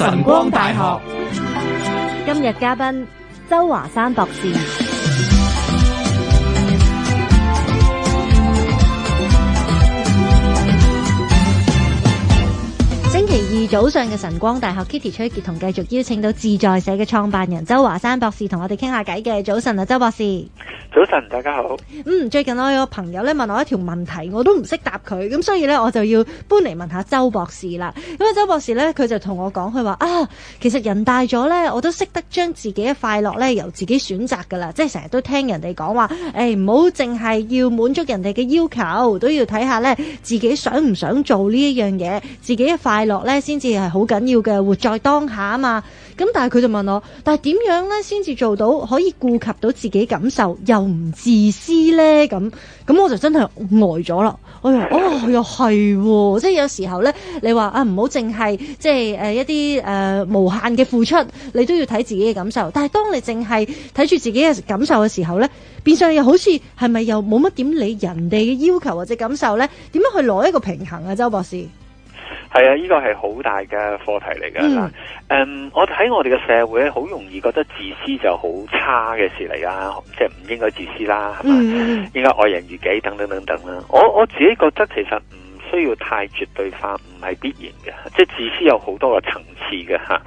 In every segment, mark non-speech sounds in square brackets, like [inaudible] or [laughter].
晨光大學今日嘉賓周華山博士。早上嘅晨光大學，Kitty 崔杰同繼續邀請到自在社嘅創辦人周華山博士同我哋傾下偈嘅。早晨啊，周博士。早晨，大家好。嗯，最近我有個朋友咧問我一條問題，我都唔識答佢，咁所以咧我就要搬嚟問下周博士啦。咁啊，周博士咧佢就同我講佢話啊，其實人大咗咧，我都識得將自己嘅快樂咧由自己選擇噶啦，即係成日都聽人哋講話，誒唔好淨係要滿足人哋嘅要求，都要睇下咧自己想唔想做呢一樣嘢，自己嘅快樂咧，先至係好緊要嘅，活在當下啊嘛。咁但係佢就問我，但係點樣咧先至做到可以顧及到自己感受又唔自私咧？咁咁我就真係呆咗啦。我話哦，又係、哦，即係有時候咧，你話啊唔好淨係即係誒、呃、一啲誒、呃、無限嘅付出，你都要睇自己嘅感受。但係當你淨係睇住自己嘅感受嘅時候咧，變相又好似係咪又冇乜點理人哋嘅要求或者感受咧？點樣去攞一個平衡啊？周博士。係啊，呢個係好大嘅課題嚟噶。嗯，誒，um, 我睇我哋嘅社會好容易覺得自私就好差嘅事嚟噶，即係唔應該自私啦，係嘛，嗯，應該愛人如己等等等等啦。我我自己覺得其實唔需要太絕對化，唔係必然嘅，即係自私有好多個層次嘅吓。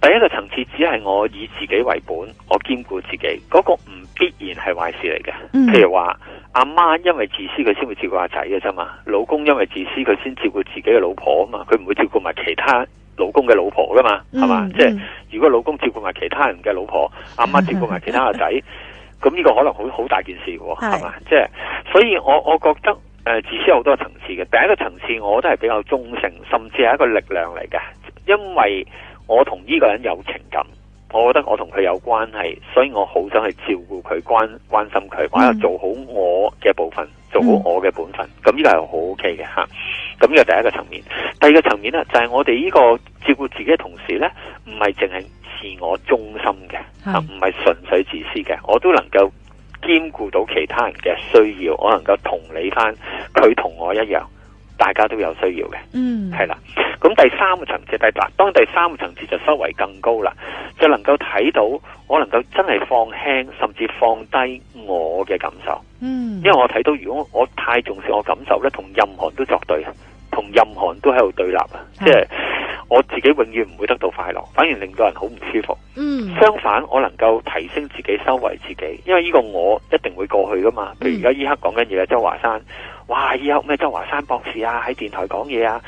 第一個層次只係我以自己為本，我兼顧自己，嗰個唔必然係壞事嚟嘅。嗯、譬如話。阿媽因為自私佢先會照顧阿仔嘅啫嘛，老公因為自私佢先照顧自己嘅老婆啊嘛，佢唔會照顧埋其他老公嘅老婆噶嘛，係嘛？嗯、即係如果老公照顧埋其他人嘅老婆，阿媽照顧埋其他阿仔，咁呢、嗯、個可能好好大件事喎，係嘛？是即係所以我我覺得誒、呃，自私有好多層次嘅，第一個層次我都係比較忠誠，甚至係一個力量嚟嘅，因為我同呢個人有情感。我覺得我同佢有關係，所以我好想去照顧佢，關關心佢，或者做好我嘅部分，做好我嘅本分。咁呢、嗯、個係好 OK 嘅吓，咁呢個第一個層面。第二個層面咧，就係我哋呢個照顧自己嘅同時呢，唔係淨係自我中心嘅，唔係純粹自私嘅，我都能夠兼顧到其他人嘅需要，我能夠同理翻佢同我一樣。大家都有需要嘅，嗯，係啦。咁第三個層次，第八當第三個層次就稍為更高啦，就能夠睇到我能夠真係放輕，甚至放低我嘅感受，嗯，因為我睇到如果我太重視我感受咧，同任何都作對，同任何都喺度對立啊，的即係。我自己永遠唔會得到快樂，反而令到人好唔舒服。嗯、相反，我能夠提升自己、修為自己，因為呢個我一定會過去噶嘛。譬如而家依刻講緊嘢，周華山，哇！有咩周華山博士啊，喺電台講嘢啊。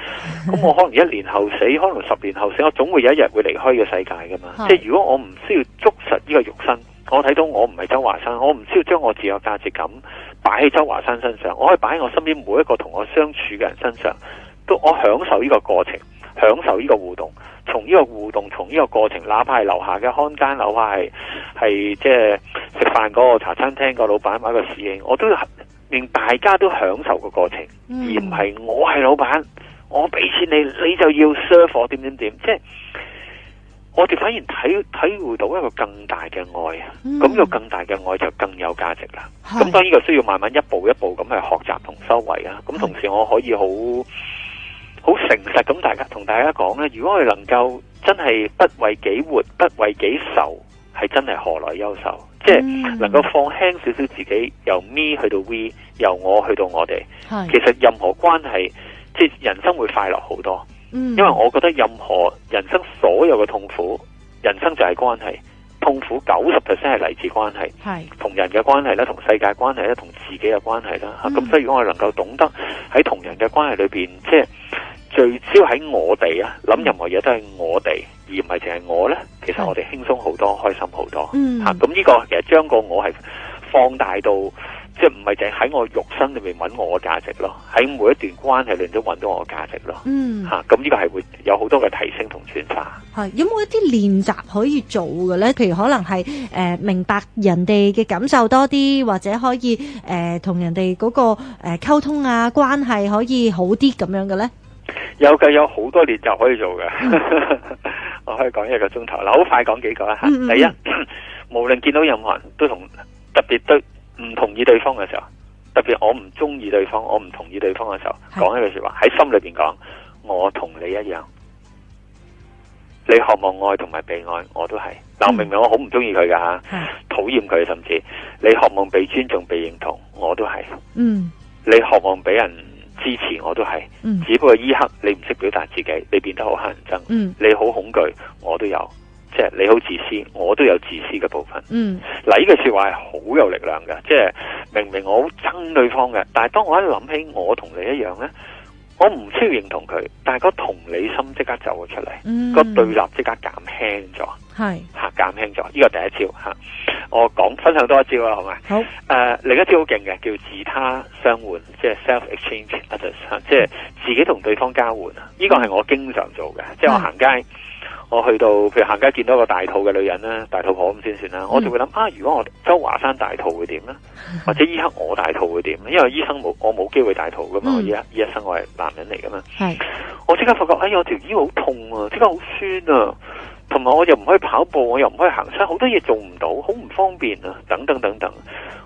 咁我可能一年後死， [laughs] 可能十年後死，我總會有一日會離開嘅世界噶嘛。的即係如果我唔需要捉實呢個肉身，我睇到我唔係周華山，我唔需要將我自我價值感擺喺周華山身上，我可以擺喺我身邊每一個同我相處嘅人身上，都我享受呢個過程。享受呢個互動，從呢個互動，從呢個過程，哪怕係樓下嘅看更樓係係即係食飯嗰個茶餐廳個老闆或者個侍應，我都令大家都享受個過、過程，嗯、而唔係我係老闆，我俾錢你，你就要 serve 我點點點，即係我哋反而體體會到一個更大嘅愛啊！咁、嗯、個更大嘅愛就更有價值啦。咁是當然，個需要慢慢一步一步咁去學習同修為啊！咁同時我可以好。好誠實咁，大家同大家講咧，如果我哋能夠真係不為己活，不為己受，係真係何來優秀？嗯、即係能夠放輕少少自己，由 me 去到 we，由我去到我哋。是其實任何關係，即係人生會快樂好多。嗯、因為我覺得任何人生所有嘅痛苦，人生就係關係，痛苦九十 percent 係嚟自是關係，同人嘅關係啦，同世界關係啦，同自己嘅關係啦。咁、嗯，所以、啊、如果我哋能夠懂得喺同人嘅關係裏邊，即係。聚焦喺我哋啊，諗任何嘢都係我哋，而唔係淨係我呢。其實我哋輕鬆好多，的開心好多。嗯，吓，咁呢個其實將個我係放大到，即係唔係淨係喺我肉身裏面揾我嘅價值咯。喺每一段關係裏面揾到我嘅價值咯。嗯，吓，咁呢個係會有好多嘅提升同轉化。係有冇一啲練習可以做嘅呢？譬如可能係誒、呃、明白人哋嘅感受多啲，或者可以誒同、呃、人哋嗰、那個誒溝、呃、通啊關係可以好啲咁樣嘅呢？有嘅有好多練習就可以做嘅， [laughs] 我可以講一個鐘頭嗱，好快講幾個啊！嗯嗯第一，無論見到任何人，都同特別對唔同意對方嘅時候，特別我唔中意對方，我唔同意對方嘅時候，講是的 一句說話喺心裏邊講，我同你一樣，你渴望愛同埋被愛，我都係嗱，嗯、我明明我好唔中意佢㗎，吓，討厭佢，甚至你渴望被尊重被認同，我都係，嗯，你渴望俾人。之前我都係，嗯、只不過依刻，你唔識表達自己，你變得好乞人憎，嗯、你好恐懼，我都有，即係你好自私，我都有自私嘅部分。嗱、嗯，呢句說話係好有力量嘅，即係明明我好憎對方嘅，但係當我一諗起我同你一樣呢，我唔需要認同佢，但係個同理心即刻走咗出嚟，個、嗯、對立即刻減輕咗，係吓減輕咗，呢個第一招吓。我講分享多一招啦，好嘛？好。誒，uh, 另一招好勁嘅叫自他相換，即係 self exchange others，即係自己同對方交換啊！呢、嗯、個係我經常做嘅，嗯、即係我行街，我去到譬如行街見到一個大肚嘅女人啦，大肚婆咁先算啦。我就會諗、嗯、啊，如果我周華山大肚會點咧？嗯、或者依刻我大肚會點咧？因為醫生冇，我冇機會大肚噶嘛。依依、嗯、一生我係男人嚟噶嘛。是我即刻發覺，哎呀，我條腰好痛啊，即刻好酸啊！我又唔可以跑步，我又唔可以行山，好多嘢做唔到，好唔方便啊！等等等等，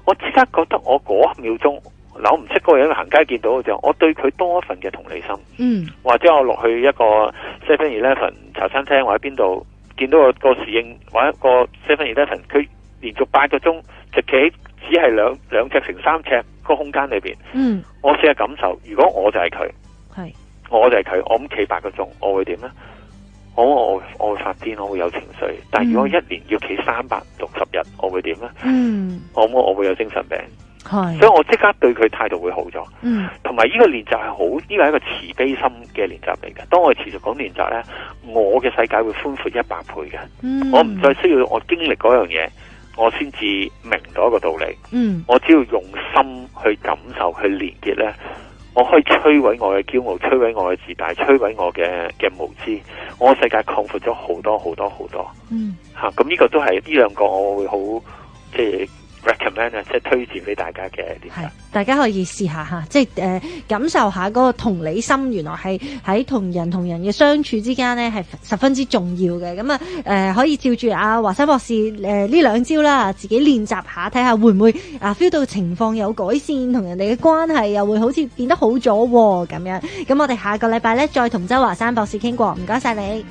我即刻覺得我嗰一秒鐘扭唔識嗰個人行街見到嘅時候，我對佢多一份嘅同理心。嗯，或者我去一個，或者我落去一個 Seven Eleven 茶餐廳或者邊度見到個個侍應或者個 Seven Eleven，佢連續八個鐘就企只係兩兩尺乘三尺個空間裏邊。嗯，我試下感受，如果我就係佢，係是我就係佢，我咁企八個鐘，我會點咧？我我我會發癲，我會有情緒。但係如果一年要企三百六十日，嗯、我會點呢？我我、嗯、我會有精神病。是所以我即刻對佢態度會好咗。嗯，同埋呢個練習係好，呢個係一個慈悲心嘅練習嚟嘅。當我持續講練習呢，我嘅世界會寬闊一百倍嘅。嗯，我唔再需要我經歷嗰樣嘢，我先至明到一個道理。嗯，我只要用心去感受去連結呢，我可以摧毀我嘅驕傲，摧毀我嘅自大，摧毀我嘅嘅無知。我嘅世界擴闊咗好多好多好多，嗯，吓、啊，咁、這、呢個都係呢兩個，我會好即係。recommend 啊，即係推薦俾大家嘅係大家可以試下吓，即係誒、呃、感受下嗰個同理心，原來係喺同人同人嘅相處之間咧，係十分之重要嘅。咁啊誒，可以照住阿、啊、華山博士誒呢、呃、兩招啦，自己練習下，睇下會唔會啊，feel、呃、到情況有改善，同人哋嘅關係又會好似變得好咗咁樣。咁我哋下個禮拜咧，再同周華山博士傾過。唔該晒你。